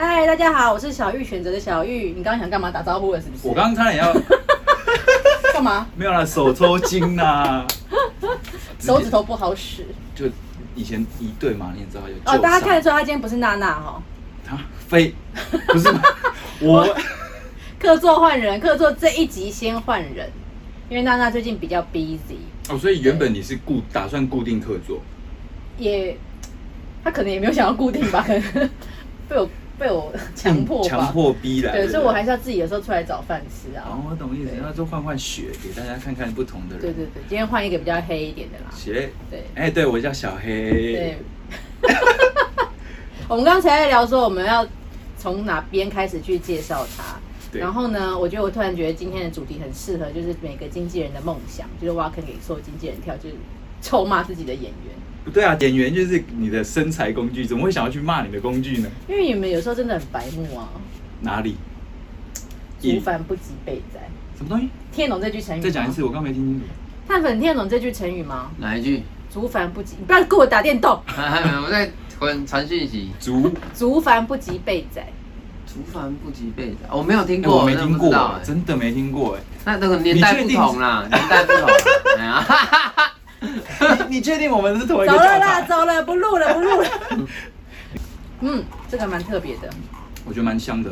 嗨，大家好，我是小玉，選擇的小玉。你剛剛想幹嘛？打招呼了是不是？我剛剛差點要幹 嘛？沒有了，手抽筋吶、啊 手指頭不好使。就以前一對嘛，你也知道有。哦，大家看得出他今天不是娜娜哦，他、啊、非不是 我，我客座換人，客座這一集先換人，因為娜娜最近比較 busy。哦，所以原本你是固打算固定客座，也他可能也沒有想要固定吧， 可能被我。被我強迫，強迫逼的，對，所以我還是要自己有時候出來找飯吃啊。哦，我懂意思，那就換換血，給大家看看不同的人。對對對，今天換一個比較黑一點的啦。血？對，哎、欸，對我叫小黑。對。 我們剛才在聊說我們要從哪邊開始去介紹他。然後呢，我覺得我突然覺得今天的主題很適合，就是每個經紀人的夢想，就是挖坑給所有經紀人跳，就是臭罵自己的演員。不對啊，演員就是你的身材工具，怎麼會想要去罵你的工具呢？因為你們有時候真的很白目啊。哪裡？族繁不及備載。什麼東西？聽得懂這句成語？再講一次，我剛沒聽清楚。碳粉聽得懂這句成語嗎？哪一句？族繁不及，你不要跟我打電動。還還我在傳訊息。族族繁不及備載，族繁不及備載，我、喔、沒有聽過、欸，我沒聽過，真的，、欸、真的沒聽過哎、欸。那這個年代不同啦，年代不同、啊。哈哈哈 你確定我們是同一個，走了啦，走了，不錄了不錄了。錄了 嗯，這個蠻特別的，我覺得蠻香的。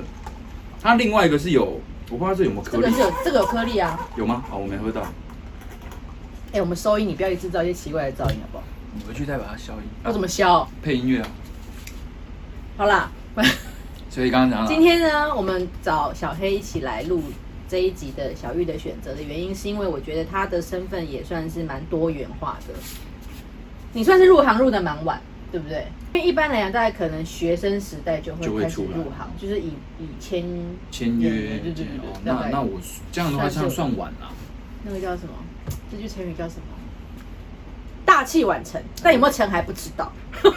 它，另外一個是有，我不知道這有沒有顆粒？這個是有，這個有顆粒啊。有嗎？好，我沒喝到。哎、欸，我們收音，你不要去製造一些奇怪的噪音，好不好？你回去再把它消音。要、啊、怎麼消？配音樂啊。好啦。 所以剛剛講今天呢，我們找小黑一起來錄。這一集的小玉的選擇的原因，是因為我覺得他的身份也算是蠻多元化的。你算是入行入得蠻晚，對不對？因為一般來講，大概可能學生時代就會開始入行，就是以以簽簽約。對。對對對，對、哦。那那，那我這樣的話，算就完算晚了，那個叫什麼？這句成語叫什麼？大器晚成，但有沒有成還不知道。欸、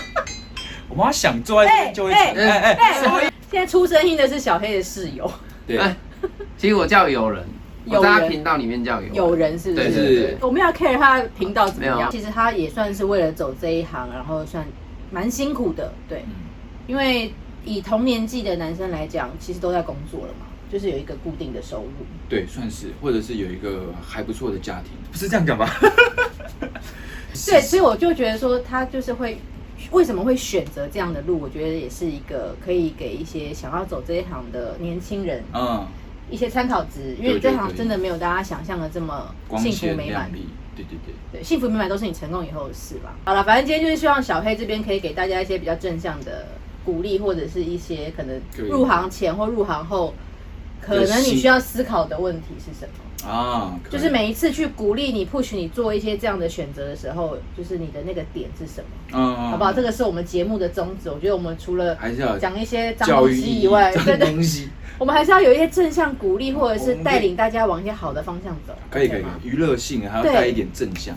我媽想坐，在就會出哎哎哎！現在出聲音的是小黑的室友。對。哎其實我叫友人，有人，我在他頻道裡面叫友人，有人是不是？對對對對，我們要 care 他的頻道怎麼樣？其實他也算是為了走這一行，然後算蠻辛苦的。對，嗯，因為以同年紀的男生來講，其實都在工作了嘛，就是有一個固定的收入，對，算是，或者是有一個還不錯的家庭，不是這樣幹嘛？ 對，所以我就覺得說，他就是會為什麼會選擇這樣的路？我覺得也是一個可以給一些想要走這一行的年輕人，嗯。一些參考值，因為這行真的沒有大家想象的這麼幸福美滿。對對對，幸福美滿都是你成功以後的事吧。好了，反正今天就是希望小黑這邊可以給大家一些比較正向的鼓勵，或者是一些可能入行前或入行後可，可能你需要思考的問題是什麼啊？就是每一次去鼓勵你 push 你做一些這樣的選擇的時候，就是你的那個點是什麼、嗯、好不好、嗯？這個是我們節目的宗旨。我覺得我們除了講一些教育以外，真的東西。 我們還是要有一些正向鼓勵，或者是帶領大家往一些好的方向走。可以可以，可以，娛樂性還要帶一點正向。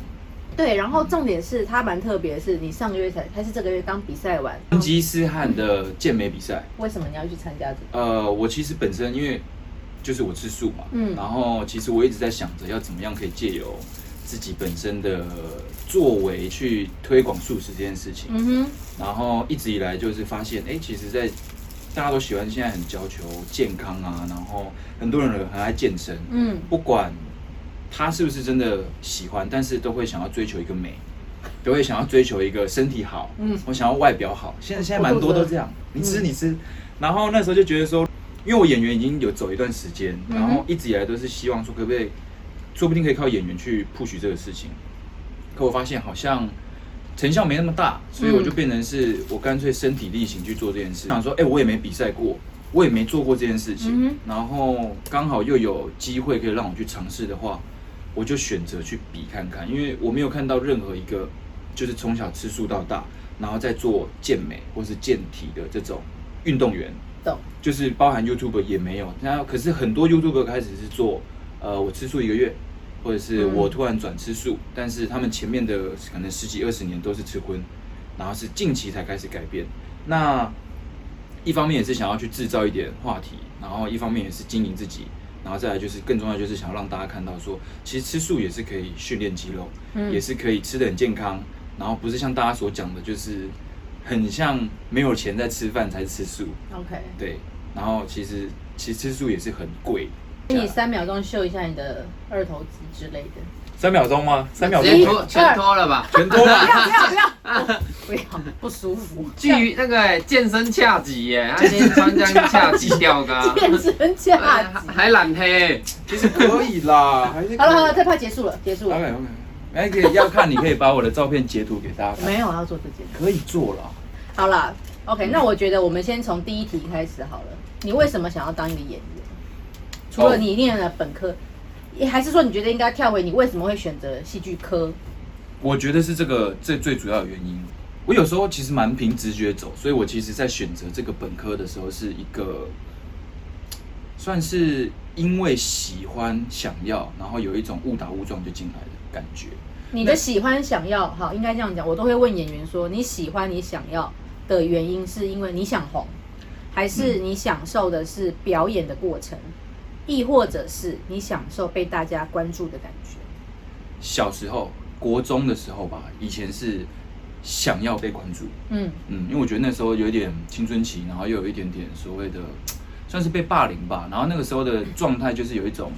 對，對，然後重點是他蠻特別是，是你上個月才還是這個月剛比賽完。成吉思汗的健美比賽，為什麼你要去參加這個？呃，我其實本身因為就是我吃素嘛，嗯，然後其實我一直在想着要怎麼樣可以借由自己本身的作為去推廣素食這件事情。嗯哼，然後一直以來就是發現，哎，其實，在大家都喜歡現在很講求健康啊，然後很多人很愛健身。嗯，不管他是不是真的喜歡，但是都會想要追求一個美，都會想要追求一個身體好。嗯，我想要外表好。現在現在蠻多、嗯、都這樣，你吃你吃。然後那時候就覺得說，因為我演員已經有走一段時間，然後一直以來都是希望說，可不可以說不定可以靠演員去 pursue 這個事情。可我發現好像。成效沒那麼大，所以我就變成是我乾脆身體力行去做這件事。嗯、想說，哎、欸，我也沒比賽過，我也沒做過這件事情、嗯。然後剛好又有機會可以讓我去嘗試的話，我就選擇去比看看，因為我沒有看到任何一個就是從小吃素到大，然後再做健美或是健體的這種運動員，懂、嗯？就是包含 YouTuber 也沒有。然後可是很多 YouTuber 開始是做，呃，我吃素一個月。或者是我突然轉吃素、嗯，但是他們前面的可能十幾二十年都是吃葷，然後是近期才開始改變。那一方面也是想要去製造一點話題，然後一方面也是經營自己，然後再來就是更重要就是想要讓大家看到說，其實吃素也是可以訓練肌肉、嗯，也是可以吃得很健康，然後不是像大家所講的，就是很像沒有錢在吃飯才吃素。OK，對，然後其實其實吃素也是很貴。給你三秒鐘秀一下你的二頭肌之類的。三秒鐘嗎？三秒鐘，全脫了吧， 全脫了！不要不要不要，不 要 不舒服。至於那個健身恰吉耶，穿這樣恰吉掉的健身恰洽己 洽 還染黑，其實可以啦。 好了好了，太快結束了，結束了。OK OK，還可以要看，你可以把我的照片截圖給大家看。 我沒有要做這件可以做了。好了，OK，、嗯、那我覺得我們先從第一題開始好了。你為什麼想要當一個演員？除了你念了本科，oh, 也還是說你覺得應該跳回？你為什麼會選擇戲劇科？我覺得是這個最最主要的原因。我有時候其實蠻憑直覺走，所以我其實在選擇這個本科的時候，是一個算是因為喜歡、想要，然後有一種誤打誤撞就進來的感覺。你的喜歡、想要，哈，應該這樣講。我都會問演員說：你喜歡、你想要的原因，是因為你想紅，還是你享受的是表演的過程？嗯亦或者是你享受被大家關注的感覺。小時候，國中的時候吧，以前是想要被關注，嗯嗯，因為我覺得那時候有一點青春期，然後又有一點點所謂的算是被霸凌吧，然後那個時候的狀態就是有一種，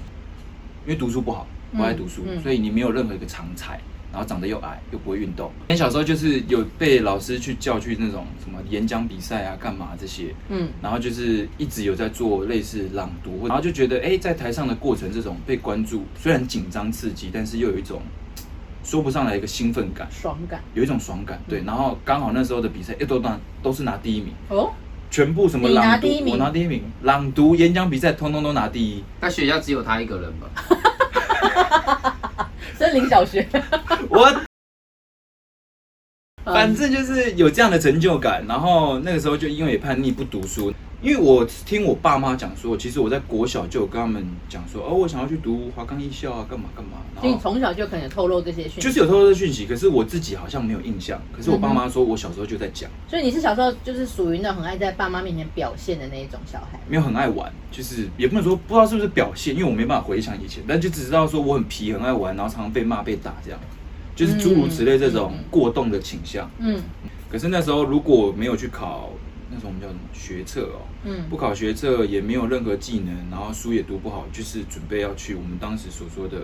因為讀書不好，不愛讀書，嗯嗯，所以你沒有任何一個長才。然後長得又矮，又不會運動。以前小時候就是有被老師去叫去那種什麼演講比賽啊、幹嘛這些，嗯，然後就是一直有在做類似朗讀，然後就覺得哎，在台上的過程，這種被關注，雖然緊張刺激，但是又有一種說不上來一個興奮感、爽感，有一種爽感。嗯、對，然後剛好那時候的比賽，一多半都是拿第一名哦，全部什麼朗讀，拿我拿第一名，朗讀演講比賽，通通都拿第一。但學校只有他一個人吧？ 森林小學， 我 反正就是有這樣的成就感，然後那個時候就因為叛逆不讀書。因為我聽我爸媽講說，其實我在國小就有跟他們講說，哦，我想要去讀華岡藝校啊，幹嘛幹嘛。然後從小就可能有透露這些訊息，就是有透露這些訊息，可是我自己好像沒有印象。可是我爸媽說我小時候就在講。嗯、所以你是小時候就是屬於那種很愛在爸媽面前表現的那一種小孩，沒有很愛玩，就是也不能說不知道是不是表現，因為我沒辦法回想以前，但就只知道說我很皮，很愛玩，然後常常被罵被打這樣，就是諸如此類這種過動的傾向。嗯，嗯可是那時候如果沒有去考。那時候我們叫什麼學測哦，嗯，不考學測也沒有任何技能，然後書也讀不好，就是準備要去我們當時所說的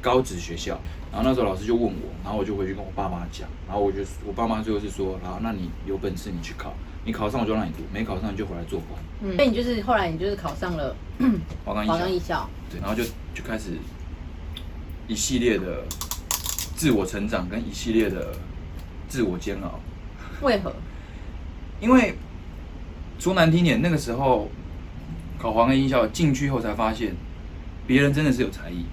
高職學校。然後那時候老師就問我，然後我就回去跟我爸媽講，然後我就我爸媽最後是說，然後那你有本事你去考，你考上我就讓你讀，沒考上你就回來做工。嗯，那你就是後來你就是考上了華岡藝校，對，然後就就開始一系列的自我成長跟一系列的自我煎熬。為何？因為。說難聽點，那個時候考黃安音校進去後才發現，別人真的是有才藝，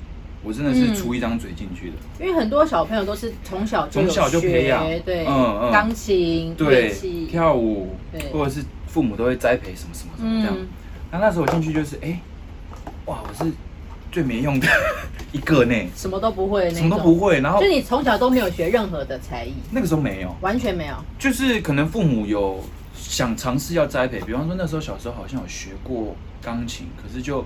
我真的是出一張嘴進去的。嗯、因為很多小朋友都是從小從小就培養對嗯嗯，鋼琴對，跳舞對，或者是父母都會栽培什麼什麼的什麼這樣。那、嗯、那時候我進去就是哎，哇，我是最沒用的一個呢，什麼都不會，什麼都不會。然後就你從小都沒有學任何的才藝？那個時候沒有，完全沒有。就是可能父母有。想嘗試要栽培，比方說那時候小時候好像有學過鋼琴，可是就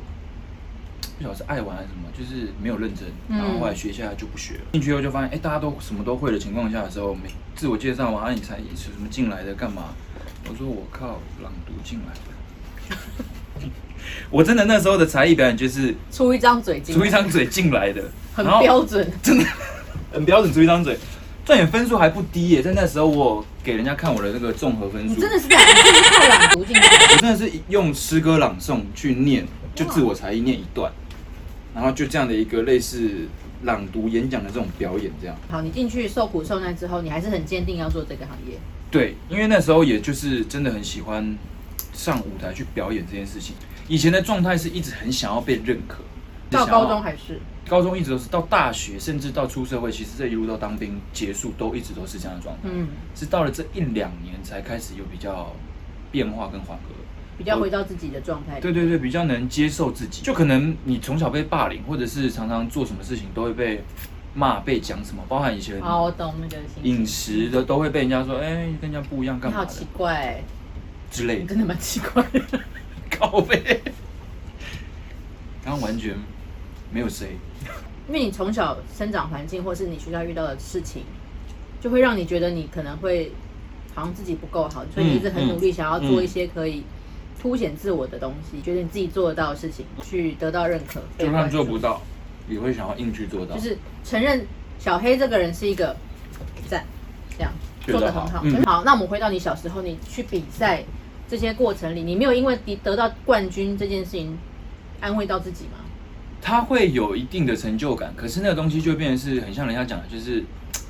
不曉得是愛玩還是什麼，就是沒有認真。然後後來學下來就不學了。進、嗯、去以後就發現，哎、欸，大家都什麼都會的情況下的時候，每自我介紹完了，啊、你才是什麼進來的幹嘛？我說我靠，朗讀進來的。 我真的那時候的才藝表演就是出一張嘴，出一張嘴進來的， 很標準，真的，很標準，出一張嘴。賺點分數還不低耶，欸！在那時候，我給人家看我的那個綜合分數。你真的是在用朗讀進去。我真的是用詩歌朗誦去念，就自我才藝念一段，然後就這樣的一個類似朗讀演講的這種表演，這樣。好，你進去受苦受難之後，你還是很堅定要做這個行業。對，因為那時候也就是真的很喜歡上舞台去表演這件事情。以前的狀態是一直很想要被認可。到高中還是高中一直都是到大學，甚至到出社會，其實這一路到當兵結束都一直都是這樣的狀態。嗯，是到了這一兩年才開始有比較變化跟緩和，比較回到自己的狀態。對對對，比較能接受自己。就可能你從小被霸凌，或者是常常做什麼事情都會被罵、被講什麼，包含一些啊，我懂那個飲食的都會被人家說，哎、欸，跟人家不一樣幹嘛？你好奇怪、欸，之類，你真的蠻奇怪的，靠 北，剛剛完全。沒有誰，因為你從小生長環境或是你學校遇到的事情，就會讓你覺得你可能會好像自己不夠好，所以你一直很努力，想要做一些可以凸顯自我的東西，嗯嗯、覺得你自己做得到的事情去得到認可，就算做不到，也會想要硬去做到。就是承認小黑這個人是一個讚，這樣得做得很好，嗯。好，那我們回到你小時候，你去比賽這些過程裡，你沒有因為你得到冠軍這件事情安慰到自己嗎？它會有一定的成就感，可是那個東西就變成是很像人家講的，就是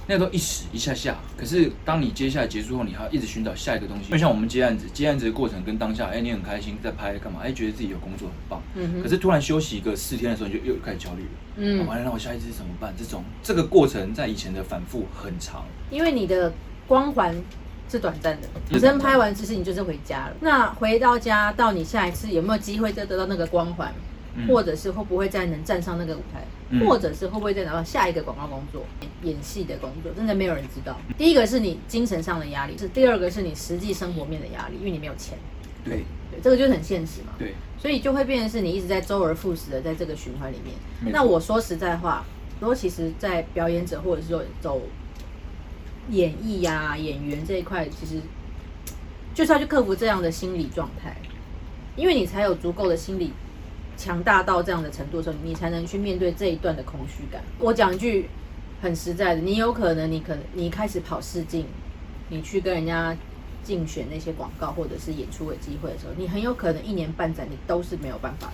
那個、都一時一下下。可是當你接下來結束後，你還要一直尋找下一個東西。就像我們接案子，接案子的過程跟當下，哎，你很開心在拍幹嘛？哎，覺得自己有工作很棒、嗯。可是突然休息一個四天的時候，你就又開始焦慮了。嗯。完、哦、了，那我下一次怎麼辦？這種這個過程在以前的反覆很長。因為你的光環是短暫的，你真拍完其實，你就是回家了。那回到家，到你下一次有沒有機會再得到那個光環？或者是會不會再能站上那個舞台，嗯、或者是會不會再拿到下一個廣告工作、嗯、演戲的工作，真的沒有人知道。第一個是你精神上的壓力，是第二個是你實際生活面的壓力，因為你沒有錢。對，對，這個就很現實嘛。對，所以就會變成是你一直在周而復始的在這個循環裡面。那我說實在話，如果其實在表演者或者是說走演藝呀、啊、演員這一塊，其實就是要去克服這樣的心理狀態，因為你才有足夠的心理。強大到這樣的程度的時候，你才能去面對這一段的空虛感。我講一句很實在的，你有可能，你可能，你開始跑試鏡，你去跟人家競選那些廣告或者是演出的機會的時候，你很有可能一年半載你都是沒有辦法的。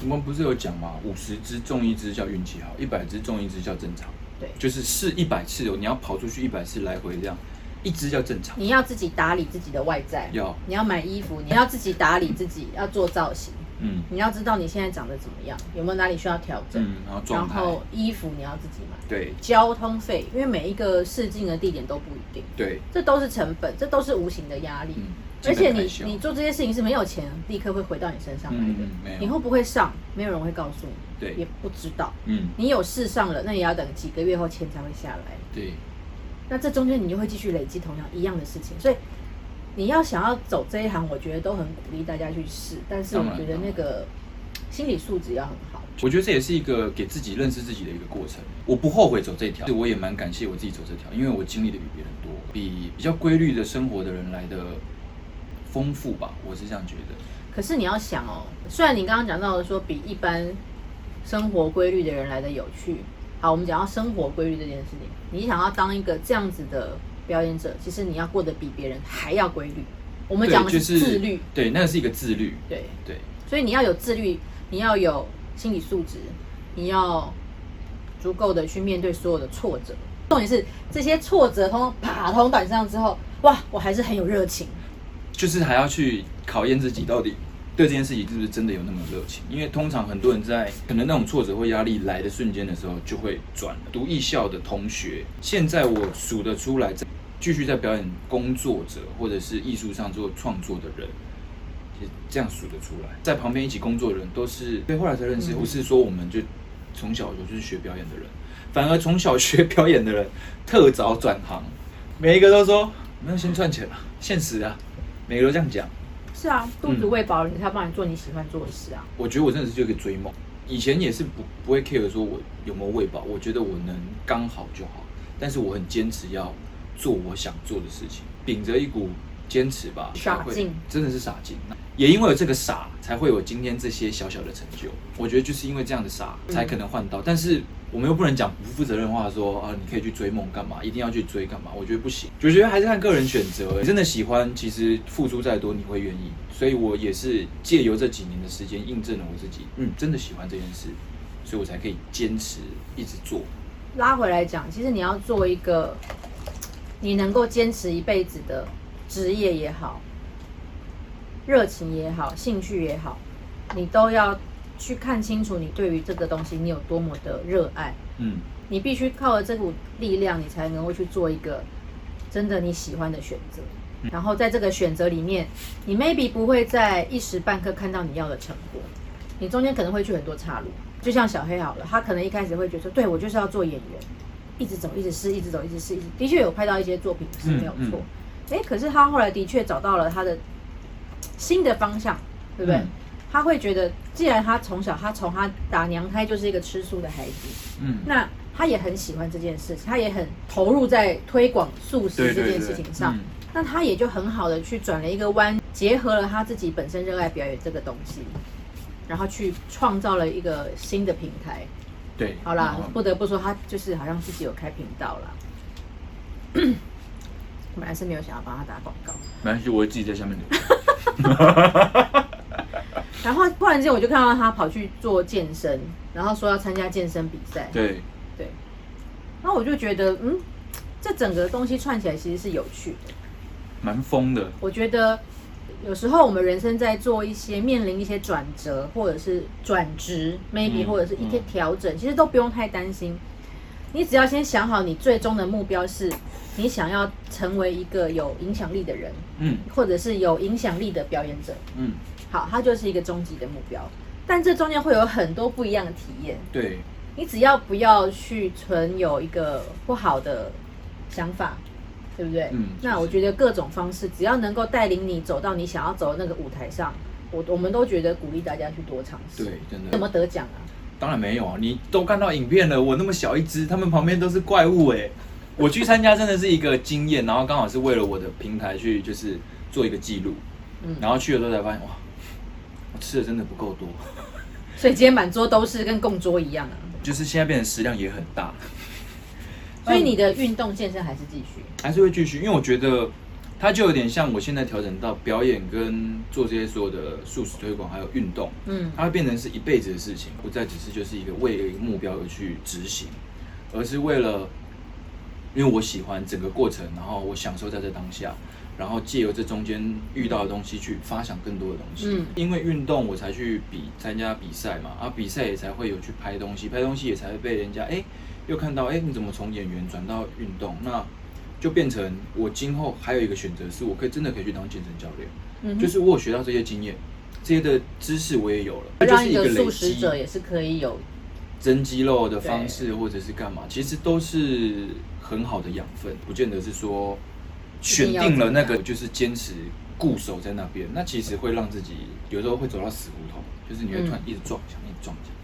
我們不是有講嗎？五十只中一只叫運氣好，一百只中一只叫正常。對，就是試一百次，你要跑出去一百次來回這樣，一只叫正常。你要自己打理自己的外在，要，你要買衣服，你要自己打理自己，要做造型。嗯，你要知道你現在長得怎麼樣，有沒有哪裡需要調整？嗯、然後狀態，然後衣服你要自己買。對，交通費，因為每一個試鏡的地點都不一定。對，這都是成本，這都是無形的壓力。嗯、而且你你做這些事情是沒有錢立刻會回到你身上來的、嗯，你會不會上？沒有人會告訴你。對，也不知道。嗯，你有試上了，那也要等幾個月後錢才會下來。對，那這中間你就會繼續累積同樣一樣的事情，所以。你要想要走這一行，我覺得都很鼓勵大家去試。但是我覺得那個心理素質要很好，好。我覺得這也是一個給自己認識自己的一個過程。我不後悔走這條，我也蠻感謝我自己走這條，因為我經歷的比別人多，比比較規律的生活的人來的豐富吧。我是這樣覺得。可是你要想哦，雖然你剛剛講到的說比一般生活規律的人來的有趣。好，我們講到生活規律這件事情，你想要當一個這樣子的表演者，其實你要過得比別人還要規律，我們講的是自律對，就是，對，那是一個自律，對對，所以你要有自律，你要有心理素質，你要足夠的去面對所有的挫折，重點是這些挫折通通啪通短上之後，哇，我還是很有熱情，就是還要去考驗自己到底。嗯。對這件事情是不是真的有那麼熱情？因為通常很多人在可能那種挫折或壓力來的瞬間的時候，就會轉了。讀藝校的同學，現在我數得出來，繼續在表演工作者或者是藝術上做創作的人，這樣數得出來。在旁邊一起工作的人都是，對，後來才認識。不是說我們就從小時候就是學表演的人，反而從小學表演的人特早轉行，每一個都說：“我們要先賺錢吧，現實啊，每個都這樣講。”是啊，肚子餵飽了，你才、嗯、幫你，你做你喜歡做的事啊。我覺得我真的是一個追夢，以前也是不不會 care 說我有沒有餵飽，我覺得我能剛好就好。但是我很堅持要做我想做的事情，秉着一股。堅持吧，傻勁，真的是傻勁。也因為有這個傻，才會有今天這些小小的成就。我覺得就是因為這樣的傻，嗯、才可能換到。但是我們又不能講不負責任的話，說啊，你可以去追夢幹嘛，一定要去追幹嘛？我覺得不行，我覺得還是看個人選擇。你真的喜歡，其實付出再多，你會願意。所以我也是借由這幾年的時間，印證了我自己，嗯，真的喜歡這件事，所以我才可以堅持一直做。拉回來講，其實你要做一個你能夠堅持一輩子的。職業也好，熱情也好，興趣也好，你都要去看清楚你對於這個東西，你有多麼的熱愛。嗯，你必須靠着這股力量，你才能夠去做一個真的你喜歡的選擇。嗯。然後在這個選擇裡面，你 maybe 不會在一時半刻看到你要的成果，你中間可能會去很多岔路，就像小黑好了，他可能一開始會覺得，對，我就是要做演員，一直走，一直試，一直走，一直試。的確有拍到一些作品是沒有錯。嗯嗯誒，可是他後來的確找到了他的新的方向，對不對？嗯、他會覺得，既然他從小，他從他打娘胎就是一個吃素的孩子，嗯，那他也很喜歡這件事情，他也很投入在推廣素食這件事情上，對對對、嗯，那他也就很好的去轉了一個彎，結合了他自己本身熱愛表演這個東西，然後去創造了一個新的平台。對，好啦，不得不說，他就是好像自己有開頻道了。嗯本來是沒有想要幫他打廣告，沒關係，我會自己在下面留。 然後忽然間我就看到他跑去做健身，然後說要參加健身比賽。對，對，然後那我就覺得，嗯，這整個東西串起來其實是有趣的，蠻瘋的。我覺得有時候我們人生在做一些面臨一些轉折，或者是轉職，嗯，maybe 或者是一些調整，嗯，其實都不用太擔心。你只要先想好，你最終的目標是，你想要成為一個有影響力的人，嗯，或者是有影響力的表演者，嗯，好，它就是一個終極的目標，但這中間會有很多不一樣的體驗，對，你只要不要去存有一個不好的想法，對不對？嗯，那我覺得各種方式只要能夠帶領你走到你想要走的那個舞台上，我我們都覺得鼓勵大家去多嘗試，對，真的怎麼得獎啊？當然沒有啊！你都看到影片了，我那麼小一隻，他們旁邊都是怪物哎、欸！我去參加真的是一個經驗，然後剛好是為了我的平台去，就是做一個記錄、嗯。然後去的時候才發現，哇，我吃的真的不夠多，所以今天滿桌都是跟供桌一樣啊。就是現在變成食量也很大。所以你的運動健身還是繼續，還是會繼續，因為我覺得。它就有點像我現在調整到表演跟做這些所有的素食推廣，還有運動，嗯，它會變成是一輩子的事情，不再只是就是一個為了一個目標而去執行，而是為了，因為我喜歡整個過程，然後我享受在這當下，然後借由這中間遇到的東西去發想更多的東西。嗯，因為運動我才去比參加比賽嘛，啊，比賽也才會有去拍東西，拍東西也才會被人家誒，欸，又看到誒，欸，你怎麼從演員轉到運動？那就變成我今後還有一個選擇，是我可以真的可以去當健身教練，就是我有學到這些經驗，這些的知識我也有了。那就是一個素食者也是可以有增肌肉的方式，或者是幹嘛，其實都是很好的養分，不見得是說選定了那個就是堅持固守在那邊，那其實會讓自己有時候會走到死胡同，就是你會突然一直撞牆，一直撞牆。